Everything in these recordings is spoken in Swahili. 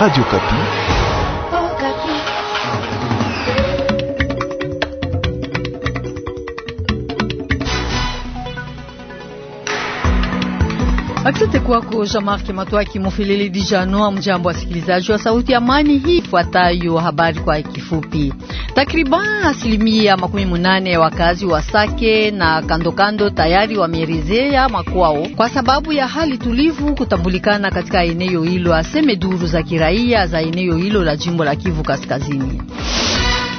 Radio Kapi. Oh, Kapi. Asante kwako Jean-Marc Matwaki Mufilili Dijano. Mjambo wasikilizaji wa Sauti ya Amani, hii ifuatayo habari kwa kifupi. Takriban asilimia makumi munane ya wakazi wa Sake na kandokando tayari wamerejea makwao kwa sababu ya hali tulivu kutambulikana katika eneo hilo, aseme duru za kiraia za eneo hilo la jimbo la Kivu Kaskazini.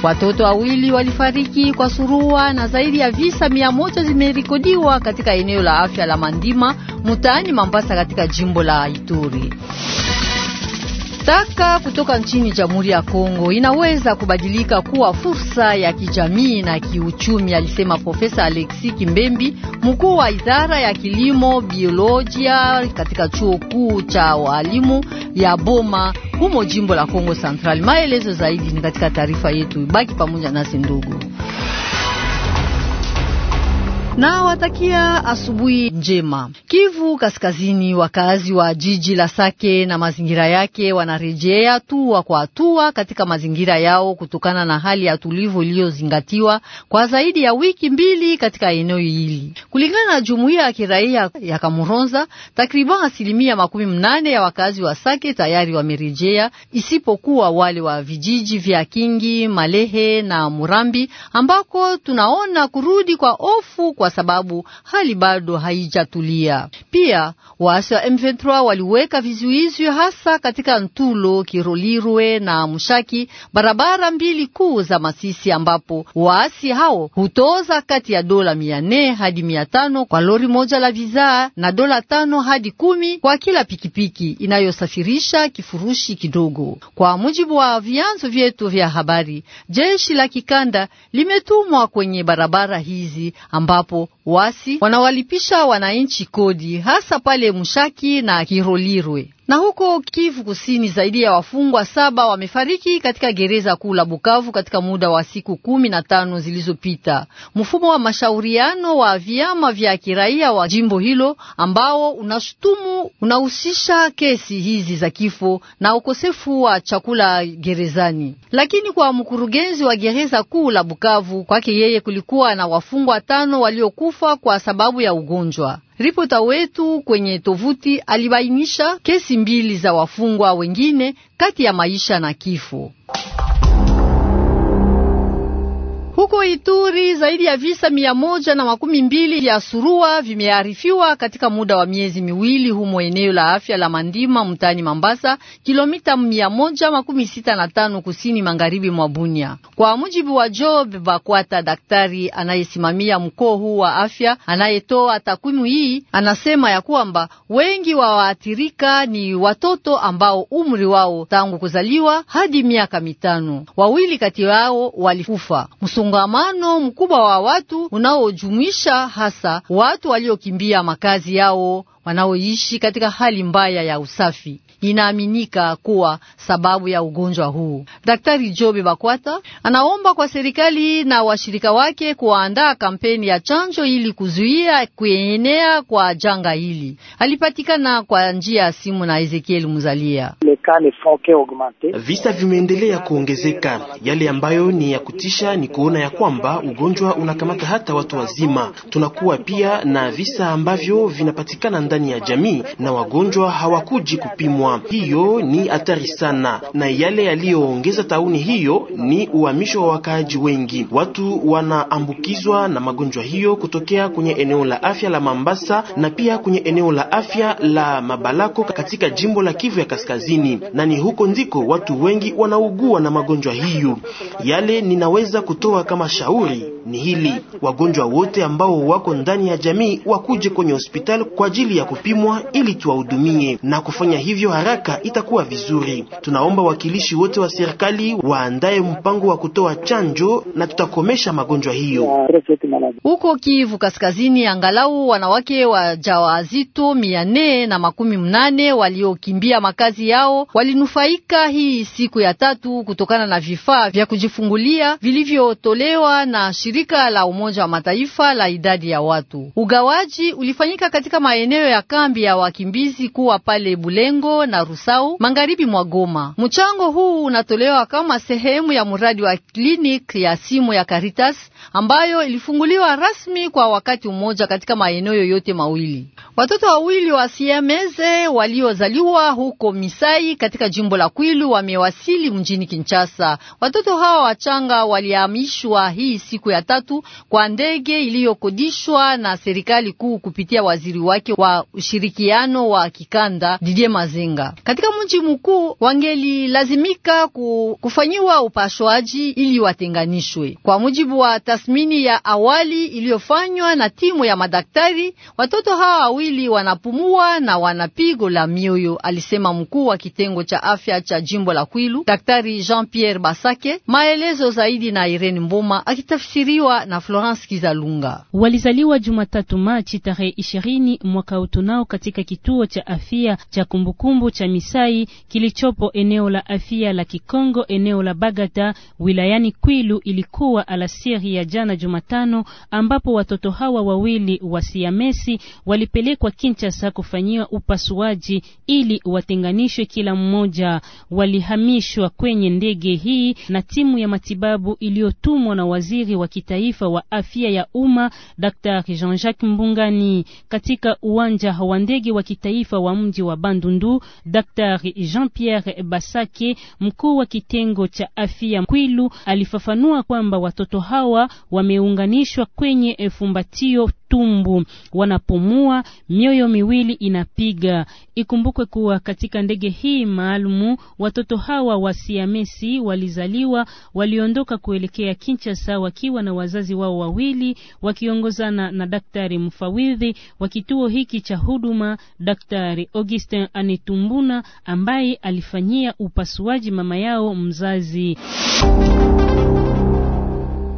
Watoto wawili walifariki kwa surua na zaidi ya visa mia moja zimerekodiwa katika eneo la afya la Mandima mtaani Mambasa katika jimbo la Ituri. Taka kutoka nchini Jamhuri ya Kongo inaweza kubadilika kuwa fursa ya kijamii na kiuchumi, alisema Profesa Alexi Kimbembi, mkuu wa idara ya kilimo biolojia katika chuo kuu cha walimu ya Boma humo jimbo la Kongo Central. Maelezo zaidi ni katika taarifa yetu, baki pamoja nasi ndugu na watakia asubuhi njema. Kivu Kaskazini, wakazi wa jiji la Sake na mazingira yake wanarejea hatua kwa hatua katika mazingira yao kutokana na hali ya tulivu iliyozingatiwa kwa zaidi ya wiki mbili katika eneo hili. Kulingana na jumuiya ya kiraia ya Kamuronza, takriban asilimia makumi mnane ya wakazi wa Sake tayari wamerejea, isipokuwa wale wa vijiji vya Kingi, Malehe na Murambi ambako tunaona kurudi kwa ofu kwa kwa sababu hali bado haijatulia. Pia waasi wa M23 waliweka vizuizi hasa katika Ntulo, Kirolirwe na Mushaki, barabara mbili kuu za Masisi, ambapo waasi hao hutoza kati ya dola mia nne hadi mia tano kwa lori moja la vizaa na dola tano hadi kumi kwa kila pikipiki inayosafirisha kifurushi kidogo. Kwa mujibu wa vyanzo vyetu vya habari, jeshi la kikanda limetumwa kwenye barabara hizi ambapo ambapo Wasi wanawalipisha wananchi kodi hasa pale Mushaki na Kirolirwe. Na huko Kivu Kusini, zaidi ya wafungwa saba wamefariki katika gereza kuu la Bukavu katika muda wa siku kumi na tano zilizopita. Mfumo wa mashauriano wa vyama vya kiraia wa jimbo hilo ambao unashutumu unahusisha kesi hizi za kifo na ukosefu wa chakula gerezani. Lakini kwa mkurugenzi wa gereza kuu la Bukavu, kwake yeye kulikuwa na wafungwa tano waliokufa kwa sababu ya ugonjwa. Ripota wetu kwenye tovuti alibainisha kesi mbili za wafungwa wengine kati ya maisha na kifo. Huko Ituri zaidi ya visa mia moja na makumi mbili vya surua vimearifiwa katika muda wa miezi miwili humo eneo la afya la Mandima mtaani Mambasa, kilomita mia moja makumi sita na tano kusini magharibi mwa Bunia, kwa mujibu wa Job Bakwata, daktari anayesimamia mkoa huu wa afya. Anayetoa takwimu hii anasema ya kwamba wengi wa waathirika ni watoto ambao umri wao tangu kuzaliwa hadi miaka mitano, wawili kati yao walikufa. Musungu msongamano mkubwa wa watu unaojumuisha hasa watu waliokimbia makazi yao wanaoishi katika hali mbaya ya usafi. Inaaminika kuwa sababu ya ugonjwa huu. Daktari Jobe Bakwata anaomba kwa serikali na washirika wake kuandaa kampeni ya chanjo ili kuzuia kuenea kwa janga hili. Alipatikana kwa njia ya simu na ezekieli Muzalia. Visa vimeendelea kuongezeka. Yale ambayo ni ya kutisha ni kuona ya kwamba ugonjwa unakamata hata watu wazima. Tunakuwa pia na visa ambavyo vinapatikana ndani ya jamii na wagonjwa hawakuji kupimwa. Hiyo ni hatari sana, na yale yaliyoongeza tauni hiyo ni uhamisho wa wakaaji wengi. Watu wanaambukizwa na magonjwa hiyo kutokea kwenye eneo la afya la Mambasa na pia kwenye eneo la afya la Mabalako katika jimbo la Kivu ya Kaskazini, na ni huko ndiko watu wengi wanaugua na magonjwa hiyo. Yale ninaweza kutoa kama shauri ni hili: wagonjwa wote ambao wako ndani ya jamii wakuje kwenye hospitali kwa ajili ya kupimwa ili tuwahudumie, na kufanya hivyo haraka itakuwa vizuri. Tunaomba wakilishi wote wa serikali waandaye mpango wa kutoa chanjo na tutakomesha magonjwa hiyo. Huko Kivu Kaskazini, angalau wanawake wa mia nne na makumi mnane waliokimbia makazi yao walinufaika hii siku ya tatu kutokana na vifaa vya kujifungulia vilivyotolewa na shirika shirika la Umoja wa Mataifa la idadi ya watu. Ugawaji ulifanyika katika maeneo ya kambi ya wakimbizi kuwa pale Bulengo na Rusau magharibi mwa Goma. Mchango huu unatolewa kama sehemu ya mradi wa klinik ya simu ya Caritas ambayo ilifunguliwa rasmi kwa wakati mmoja katika maeneo yote mawili. Watoto wawili wa Siameze waliozaliwa huko Misai katika jimbo la Kwilu wamewasili mjini Kinshasa. Watoto hawa wachanga walihamishwa hii siku ya tatu kwa ndege iliyokodishwa na serikali kuu kupitia waziri wake wa ushirikiano wa kikanda Didier Mazinga. Katika mji mkuu wangelilazimika kufanyiwa upashwaji ili watenganishwe. Kwa mujibu wa tathmini ya awali iliyofanywa na timu ya madaktari, watoto hawa wawili wanapumua na wanapigo la mioyo, alisema mkuu wa kitengo cha afya cha jimbo la Kwilu, Daktari Jean-Pierre Basake. Maelezo zaidi na Irene Mbuma akitafsiri Taarifiwa na Florence Kizalunga. Walizaliwa Jumatatu Machi tarehe ishirini mwaka utunao katika kituo cha afya cha kumbukumbu cha Misai kilichopo eneo la afya la Kikongo eneo la Bagata wilayani Kwilu. Ilikuwa alasiri ya jana Jumatano ambapo watoto hawa wawili wa Siamesi walipelekwa Kinshasa kufanyiwa upasuaji ili watenganishwe kila mmoja. Walihamishwa kwenye ndege hii na timu ya matibabu iliyotumwa na waziri wa kitaifa wa afya ya umma dr Jean-Jacques Mbungani katika uwanja wa ndege wa kitaifa wa mji wa Bandundu. dr Jean-Pierre Basake, mkuu wa kitengo cha afya Kwilu, alifafanua kwamba watoto hawa wameunganishwa kwenye fumbatio tumbu wanapumua, mioyo miwili inapiga. Ikumbukwe kuwa katika ndege hii maalumu watoto hawa wa Siamesi walizaliwa, waliondoka kuelekea Kinshasa wakiwa na wazazi wao wawili, wakiongozana na daktari mfawidhi wa kituo hiki cha huduma, Daktari Augustin Anitumbuna ambaye alifanyia upasuaji mama yao mzazi.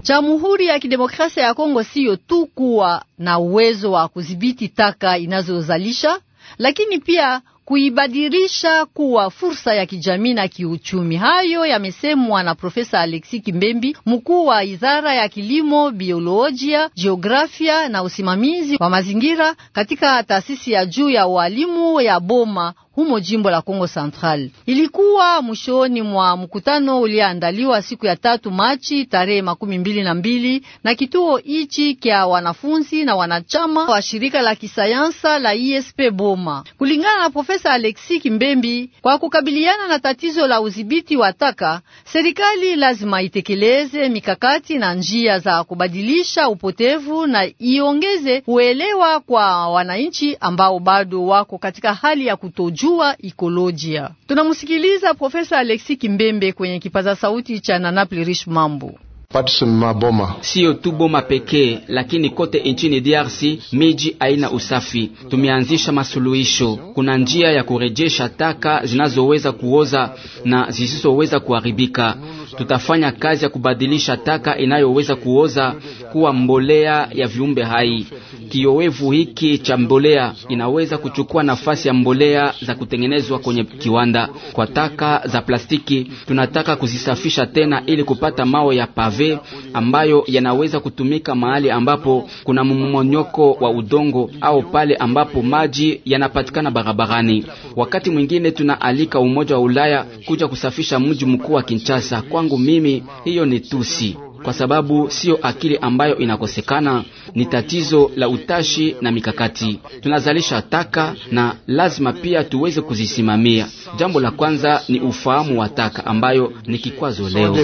Jamhuri ya Kidemokrasia ya Kongo siyo tu kuwa na uwezo wa kudhibiti taka inazozalisha, lakini pia kuibadilisha kuwa fursa ya kijamii na kiuchumi. Hayo yamesemwa na Profesa Alexi Kimbembi, mkuu wa idara ya kilimo, biolojia, jiografia na usimamizi wa mazingira katika taasisi ya juu ya walimu ya Boma humo jimbo la Kongo Central. Ilikuwa mwishoni mwa mkutano uliandaliwa siku ya tatu Machi tarehe makumi mbili na mbili na kituo hichi kya wanafunzi na wanachama wa shirika la kisayansa la ISP Boma. Kulingana na Profesa Alexi Kimbembi, kwa kukabiliana na tatizo la udhibiti wa taka, serikali lazima itekeleze mikakati na njia za kubadilisha upotevu na iongeze uelewa kwa wananchi ambao bado wako katika hali ya kutojua kujua ikolojia. Tunamsikiliza Profesa Alexi Kimbembe kwenye kipaza sauti cha Nanaplirish Mambo. Maboma siyo tu boma pekee, lakini kote nchini DRC miji haina usafi. Tumeanzisha masuluhisho. Kuna njia ya kurejesha taka zinazoweza kuoza na zisizoweza kuharibika. Tutafanya kazi ya kubadilisha taka inayoweza kuoza kuwa mbolea ya viumbe hai. Kiowevu hiki cha mbolea inaweza kuchukua nafasi ya mbolea za kutengenezwa kwenye kiwanda. Kwa taka za plastiki, tunataka kuzisafisha tena ili kupata mawe ya pave ambayo yanaweza kutumika mahali ambapo kuna mmonyoko wa udongo au pale ambapo maji yanapatikana barabarani. Wakati mwingine tunaalika Umoja wa Ulaya kuja kusafisha mji mkuu wa Kinshasa. Kwangu mimi hiyo ni tusi kwa sababu siyo akili ambayo inakosekana, ni tatizo la utashi na mikakati. Tunazalisha taka na lazima pia tuweze kuzisimamia. Jambo la kwanza ni ufahamu wa taka ambayo ni kikwazo leo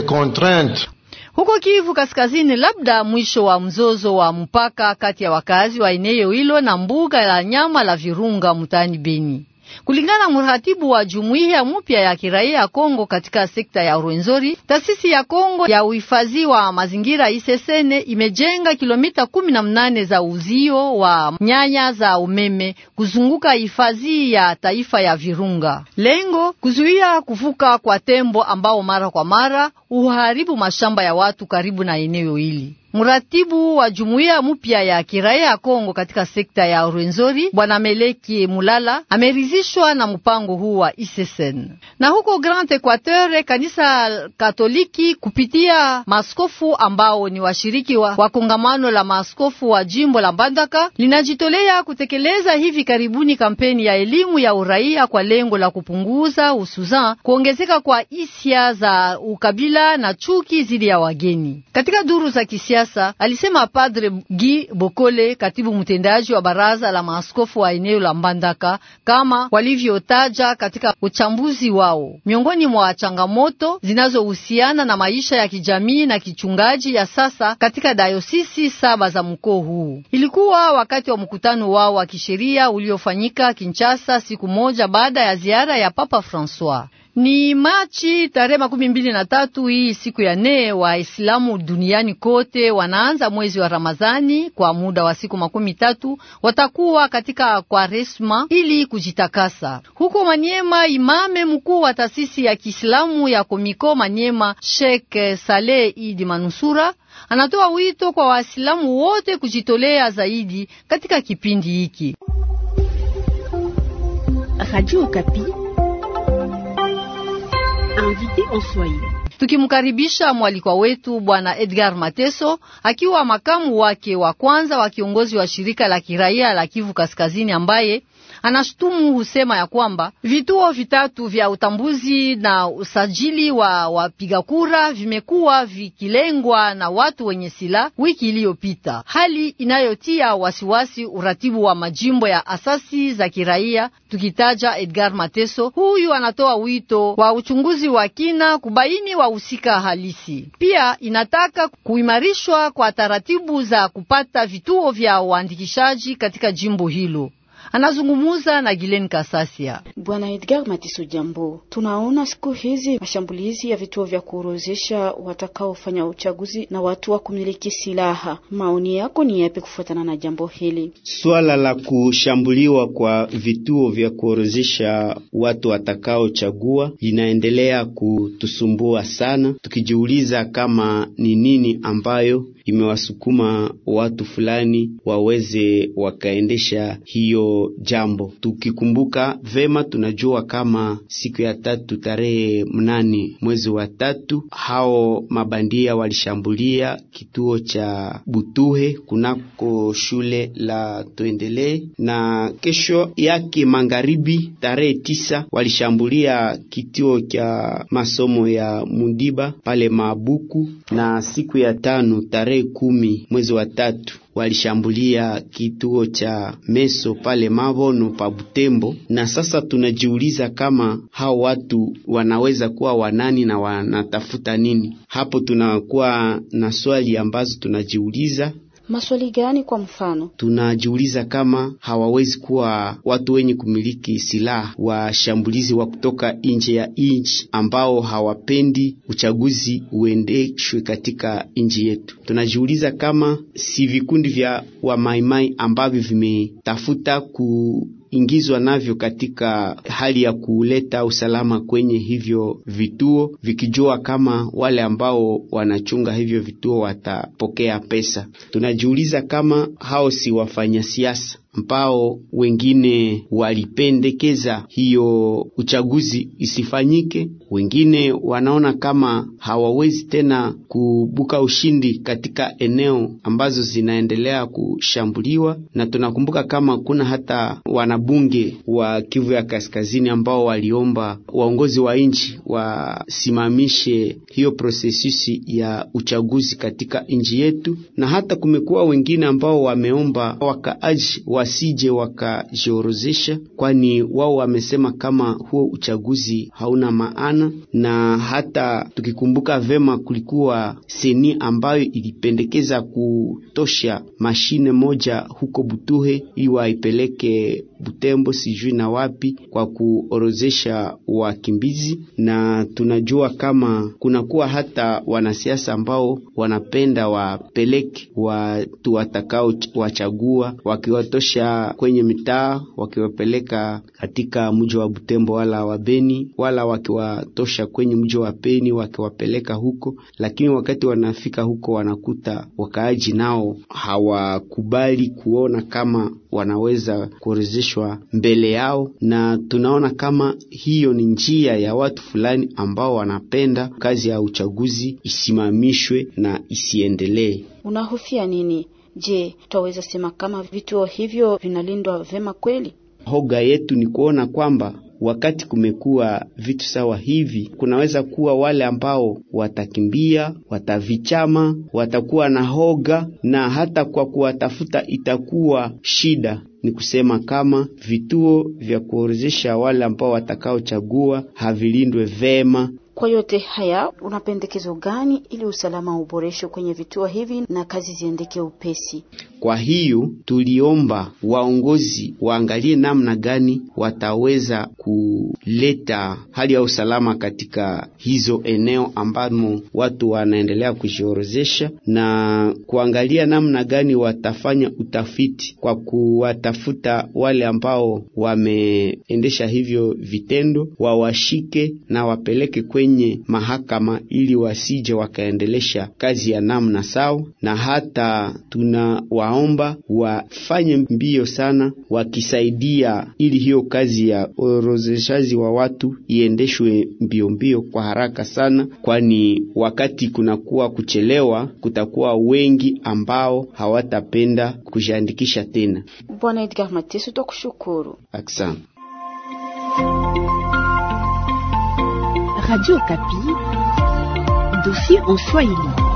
huko Kivu Kaskazini, labda mwisho wa mzozo wa mpaka kati ya wakazi wa eneo hilo na mbuga la nyama la Virunga mtaani Beni. Kulingana mratibu wa jumuiya mpya ya kiraia ya Kongo katika sekta ya Rwenzori, taasisi ya Kongo ya uhifadhi wa mazingira Isesene imejenga kilomita kumi na mnane za uzio wa nyanya za umeme kuzunguka hifadhi ya taifa ya Virunga. Lengo kuzuia kuvuka kwa tembo ambao mara kwa mara uharibu mashamba ya watu karibu na eneo hili. Mratibu wa jumuiya mpya ya kiraia ya Kongo katika sekta ya Rwenzori Bwana Meleki Mulala amerizishwa na mpango huu wa ISSN. E na huko Grand Equateur, kanisa Katoliki kupitia maskofu ambao ni washiriki wa, wa kongamano la maskofu wa jimbo la Mbandaka linajitolea kutekeleza hivi karibuni kampeni ya elimu ya uraia kwa lengo la kupunguza usuzan kuongezeka kwa hisia za ukabila vita na chuki zidi ya wageni. Katika duru za kisiasa, alisema Padre Gi Bokole, katibu mtendaji wa baraza la maaskofu wa eneo la Mbandaka, kama walivyotaja katika uchambuzi wao, miongoni mwa changamoto zinazohusiana na maisha ya kijamii na kichungaji ya sasa katika dayosisi saba za mkoa huu. Ilikuwa wakati wa mkutano wao wa kisheria uliofanyika Kinshasa siku moja baada ya ziara ya Papa Francois. Ni Machi tarehe makumi mbili na tatu hii siku ya nne, Waislamu duniani kote wanaanza mwezi wa Ramadhani. Kwa muda wa siku makumi tatu watakuwa katika Kwaresma ili kujitakasa. Huko Manyema, imame mkuu wa taasisi ya Kiislamu ya Komiko Manyema, Sheikh Saleh Idi Manusura anatoa wito kwa Waislamu wote kujitolea zaidi katika kipindi hiki. Radio invité en Swahili. Tukimkaribisha mwalikwa wetu Bwana Edgar Mateso akiwa makamu wake wa kwanza wa kiongozi wa shirika la kiraia la Kivu Kaskazini ambaye anashutumu husema ya kwamba vituo vitatu vya utambuzi na usajili wa wapiga kura vimekuwa vikilengwa na watu wenye silaha wiki iliyopita, hali inayotia wasiwasi uratibu wa majimbo ya asasi za kiraia. Tukitaja Edgar Mateso, huyu anatoa wito wa uchunguzi wa kina kubaini wahusika halisi. Pia inataka kuimarishwa kwa taratibu za kupata vituo vya uandikishaji katika jimbo hilo anazungumuza na Gilen Kasasia. Bwana Edgar Matiso, jambo. Tunaona siku hizi mashambulizi ya vituo vya kuorozesha watakaofanya uchaguzi na watu wa kumiliki silaha. Maoni yako ni yapi kufuatana na jambo hili? Swala la kushambuliwa kwa vituo vya kuorozesha watu watakaochagua linaendelea kutusumbua sana, tukijiuliza kama ni nini ambayo imewasukuma watu fulani waweze wakaendesha hiyo jambo. Tukikumbuka vema, tunajua kama siku ya tatu tarehe mnane mwezi wa tatu hao mabandia walishambulia kituo cha Butuhe kunako shule la Tuendelee, na kesho yake magharibi tarehe tisa walishambulia kituo cha masomo ya Mudiba pale Mabuku, na siku ya tano tarehe kumi mwezi wa tatu walishambulia kituo cha Meso pale Mabono pa Butembo, na sasa tunajiuliza kama hao watu wanaweza kuwa wanani na wanatafuta nini hapo. Tunakuwa na swali ambazo tunajiuliza Maswali gani? Kwa mfano, tunajiuliza kama hawawezi kuwa watu wenye kumiliki silaha washambulizi wa kutoka nje ya nchi ambao hawapendi uchaguzi uendeshwe katika nchi yetu. Tunajiuliza kama si vikundi vya wamaimai ambavyo vimetafuta ku ingizwa navyo katika hali ya kuleta usalama kwenye hivyo vituo, vikijua kama wale ambao wanachunga hivyo vituo watapokea pesa. Tunajiuliza kama hao si wafanya siasa mpao wengine walipendekeza hiyo uchaguzi isifanyike, wengine wanaona kama hawawezi tena kubuka ushindi katika eneo ambazo zinaendelea kushambuliwa, na tunakumbuka kama kuna hata wanabunge wa Kivu ya Kaskazini ambao waliomba waongozi wa nchi wasimamishe hiyo prosesisi ya uchaguzi katika nchi yetu, na hata kumekuwa wengine ambao wameomba wakaaji wa wasije wakajiorozesha kwani wao wamesema kama huo uchaguzi hauna maana, na hata tukikumbuka vema kulikuwa seni ambayo ilipendekeza kutosha mashine moja huko Butuhe ili waipeleke Butembo sijui na wapi kwa kuorozesha wakimbizi, na tunajua kama kunakuwa hata wanasiasa ambao wanapenda wapeleke watu watakao wachagua wakiwatosha kuwasafirisha kwenye mitaa wakiwapeleka katika mji wa Butembo wala wa Beni, wala wakiwatosha kwenye mji wa Beni wakiwapeleka huko, lakini wakati wanafika huko wanakuta wakaaji nao hawakubali kuona kama wanaweza kuorodheshwa mbele yao, na tunaona kama hiyo ni njia ya watu fulani ambao wanapenda kazi ya uchaguzi isimamishwe na isiendelee. Unahofia nini? Je, twaweza sema kama vituo hivyo vinalindwa vema kweli? Hoga yetu ni kuona kwamba wakati kumekuwa vitu sawa hivi, kunaweza kuwa wale ambao watakimbia, watavichama, watakuwa na hoga, na hata kwa kuwatafuta itakuwa shida. Ni kusema kama vituo vya kuorozesha wale ambao watakaochagua havilindwe vema kwa yote haya, una pendekezo gani ili usalama uboreshwe kwenye vituo hivi na kazi ziendeke upesi? Kwa hiyo tuliomba waongozi waangalie namna gani wataweza kuleta hali ya usalama katika hizo eneo ambamo watu wanaendelea kujiorozesha na kuangalia namna gani watafanya utafiti kwa kuwatafuta wale ambao wameendesha hivyo vitendo, wawashike na wapeleke kwenye mahakama ili wasije wakaendelesha kazi ya namna sawa, na hata tuna wa naomba wafanye mbio sana, wakisaidia ili hiyo kazi ya orozeshaji wa watu iendeshwe mbio mbio kwa haraka sana, kwani wakati kunakuwa kuchelewa, kutakuwa wengi ambao hawatapenda kujiandikisha tena. Bwana Edgar Mateso, tukushukuru. Asante. Radio Kapi, dossier en Swahili.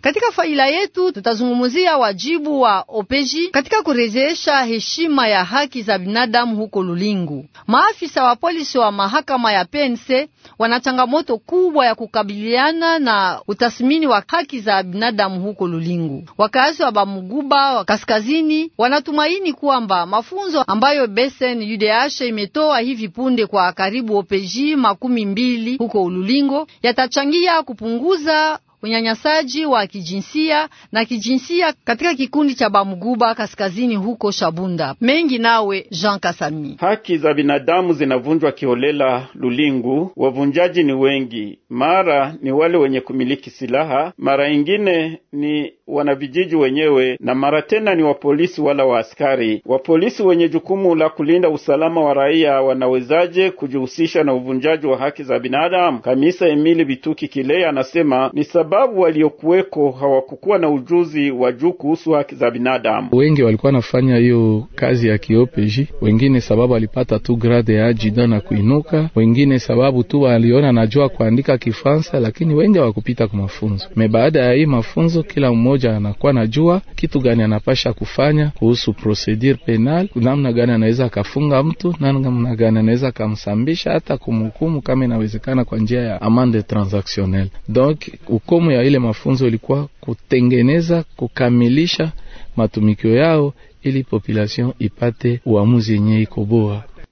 Katika faila yetu tutazungumzia wajibu wa opeji katika kurejesha heshima ya haki za binadamu huko Lulingu. Maafisa wa polisi wa mahakama ya Pense wana changamoto kubwa ya kukabiliana na utathmini wa haki za binadamu huko Lulingu. Wakazi wa Bamuguba wa kaskazini wanatumaini kwamba mafunzo ambayo Besen UDH imetoa hivi punde kwa karibu opeji makumi mbili huko Lulingo yatachangia kupunguza unyanyasaji wa kijinsia na kijinsia katika kikundi cha Bamuguba kaskazini huko Shabunda. Mengi nawe Jean Kasami. Haki za binadamu zinavunjwa kiholela Lulingu. Wavunjaji ni wengi, mara ni wale wenye kumiliki silaha, mara ingine ni wanavijiji wenyewe, na mara tena ni wapolisi wala waaskari. Wapolisi wenye jukumu la kulinda usalama wa raia wanawezaje kujihusisha na uvunjaji wa haki za binadamu? Kamisa Emili Bituki Kilea anasema ni sababu waliokuweko hawakukuwa na ujuzi wa juu kuhusu haki za binadamu. Wengi walikuwa wanafanya hiyo kazi ya kiopeji, wengine sababu walipata tu grade ya ajida na kuinuka, wengine sababu tu waliona najua kuandika Kifaransa, lakini wengi hawakupita kwa mafunzo me. Baada ya hii mafunzo, kila mmoja mmoja anakuwa najua kitu gani anapasha kufanya kuhusu procedure penal, namna gani anaweza akafunga mtu, namna gani anaweza akamsambisha, hata kumhukumu kama inawezekana kwa njia ya amande transactionnel. Donc ukomo ya ile mafunzo ilikuwa kutengeneza, kukamilisha matumikio yao ili population ipate uamuzi yenye iko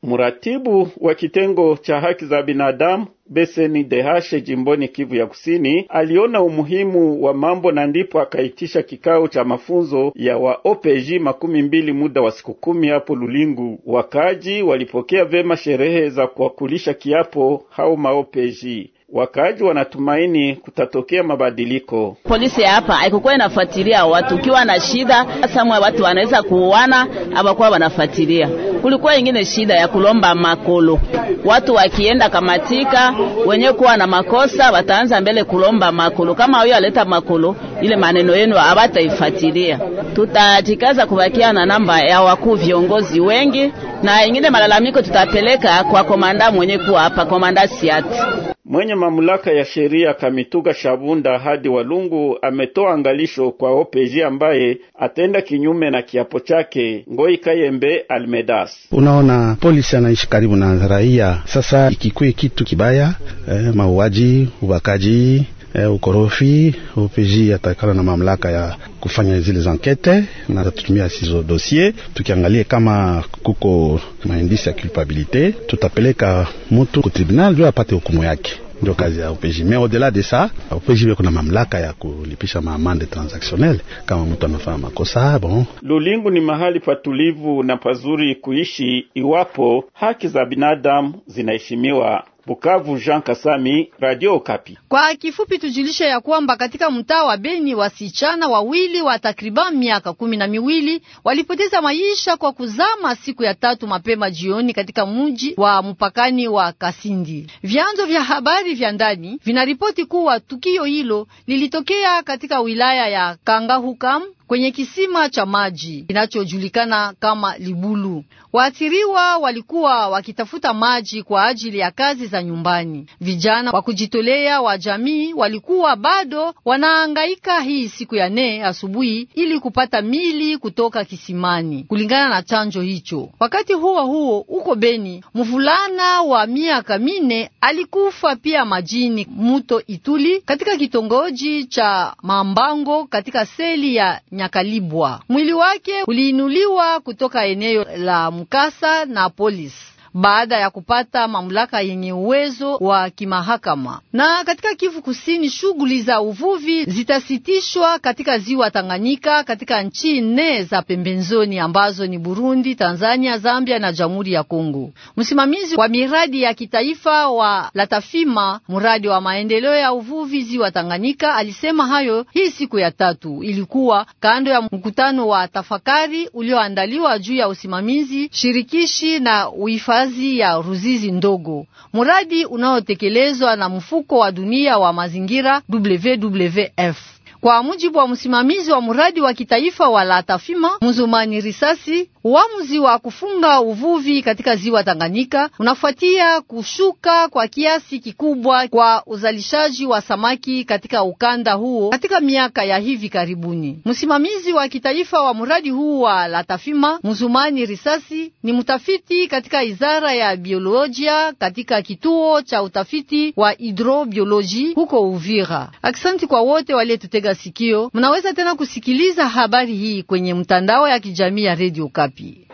Mratibu wa kitengo cha haki za binadamu Beseni Dehashe jimboni Kivu ya Kusini aliona umuhimu wa mambo na ndipo akaitisha kikao cha mafunzo ya wa OPJ makumi mbili muda wa siku kumi hapo Lulingu. Wakaji walipokea vema sherehe za kuwakulisha kiapo hao maopeji Wakaaji wanatumaini kutatokea mabadiliko. Polisi hapa haikukuwa inafuatilia watu, ukiwa na shida hasa watu wanaweza kuuana, hawakuwa wanafuatilia. Kulikuwa ingine shida ya kulomba makolo, watu wakienda kamatika wenye kuwa na makosa wataanza mbele kulomba makolo. Kama huyo aleta makolo, ile maneno yenu hawataifuatilia. Tutajikaza kubakia na namba ya wakuu viongozi wengi, na ingine malalamiko tutapeleka kwa komanda mwenye kuwa hapa, komanda Siati. Mwenye mamlaka ya sheria Kamituga Shabunda hadi Walungu ametoa angalisho kwa OPG ambaye atenda kinyume na kiapo chake. Ngoi Kayembe Almedas: unaona polisi anaishi karibu na raia, sasa ikikwe kitu kibaya eh, mauaji, ubakaji Eh, ukorofi OPJ atakana na mamlaka ya kufanya zile ankete na tutumia sizo dossier. Tukiangalia kama kuko maindisi ya culpabilite, tutapeleka mtu ku tribunal ndio apate hukumu yake. Ndio kazi ya OPJ. Mais au delà de ça, OPJ iko na mamlaka ya kulipisha maamande transactionnel kama mtu amefanya makosa. Bon, Lulingu ni mahali patulivu na pazuri kuishi iwapo haki za binadamu zinaheshimiwa. Bukavu, Jean Kasami, Radio Kapi. Kwa kifupi tujulishe ya kwamba katika mtaa wa Beni wasichana wawili wa takriban miaka kumi na miwili walipoteza maisha kwa kuzama siku ya tatu mapema jioni katika mji wa mpakani wa Kasindi. Vyanzo vya habari vya ndani vinaripoti kuwa tukio hilo lilitokea katika wilaya ya Kangahukam kwenye kisima cha maji kinachojulikana kama Libulu. Waathiriwa walikuwa wakitafuta maji kwa ajili ya kazi za nyumbani. Vijana wa kujitolea wa jamii walikuwa bado wanaangaika hii siku ya nne asubuhi ili kupata mili kutoka kisimani, kulingana na chanjo hicho. Wakati huo huo, uko Beni, mvulana wa miaka mine alikufa pia majini muto Ituli katika kitongoji cha Mambango katika seli ya Nyakalibwa. Mwili wake uliinuliwa kutoka eneo la mkasa na polisi baada ya kupata mamlaka yenye uwezo wa kimahakama. Na katika Kivu Kusini, shughuli za uvuvi zitasitishwa katika ziwa Tanganyika katika nchi nne za pembezoni ambazo ni Burundi, Tanzania, Zambia na Jamhuri ya Kongo. Msimamizi wa miradi ya kitaifa wa Latafima, mradi wa maendeleo ya uvuvi ziwa Tanganyika, alisema hayo hii siku ya tatu ilikuwa kando ya mkutano wa tafakari ulioandaliwa juu ya usimamizi shirikishi na uifa kazi ya Ruzizi ndogo, muradi unaotekelezwa na mfuko wa dunia wa mazingira WWF. Kwa mujibu wa msimamizi wa mradi wa kitaifa wa Latafima Mzumani Risasi, Uamuzi wa kufunga uvuvi katika ziwa Tanganyika unafuatia kushuka kwa kiasi kikubwa kwa uzalishaji wa samaki katika ukanda huo katika miaka ya hivi karibuni. Msimamizi wa kitaifa wa mradi huu wa Latafima, Mzumani Risasi, ni mtafiti katika idara ya biolojia katika kituo cha utafiti wa hidrobioloji huko Uvira. Aksanti kwa wote waliyetutega sikio. Mnaweza tena kusikiliza habari hii kwenye mtandao ya kijamii ya Radio Kapi. pied.